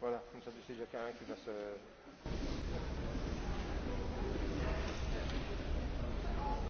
Voilà, comme ça tu sais déjà quelqu'un qui va se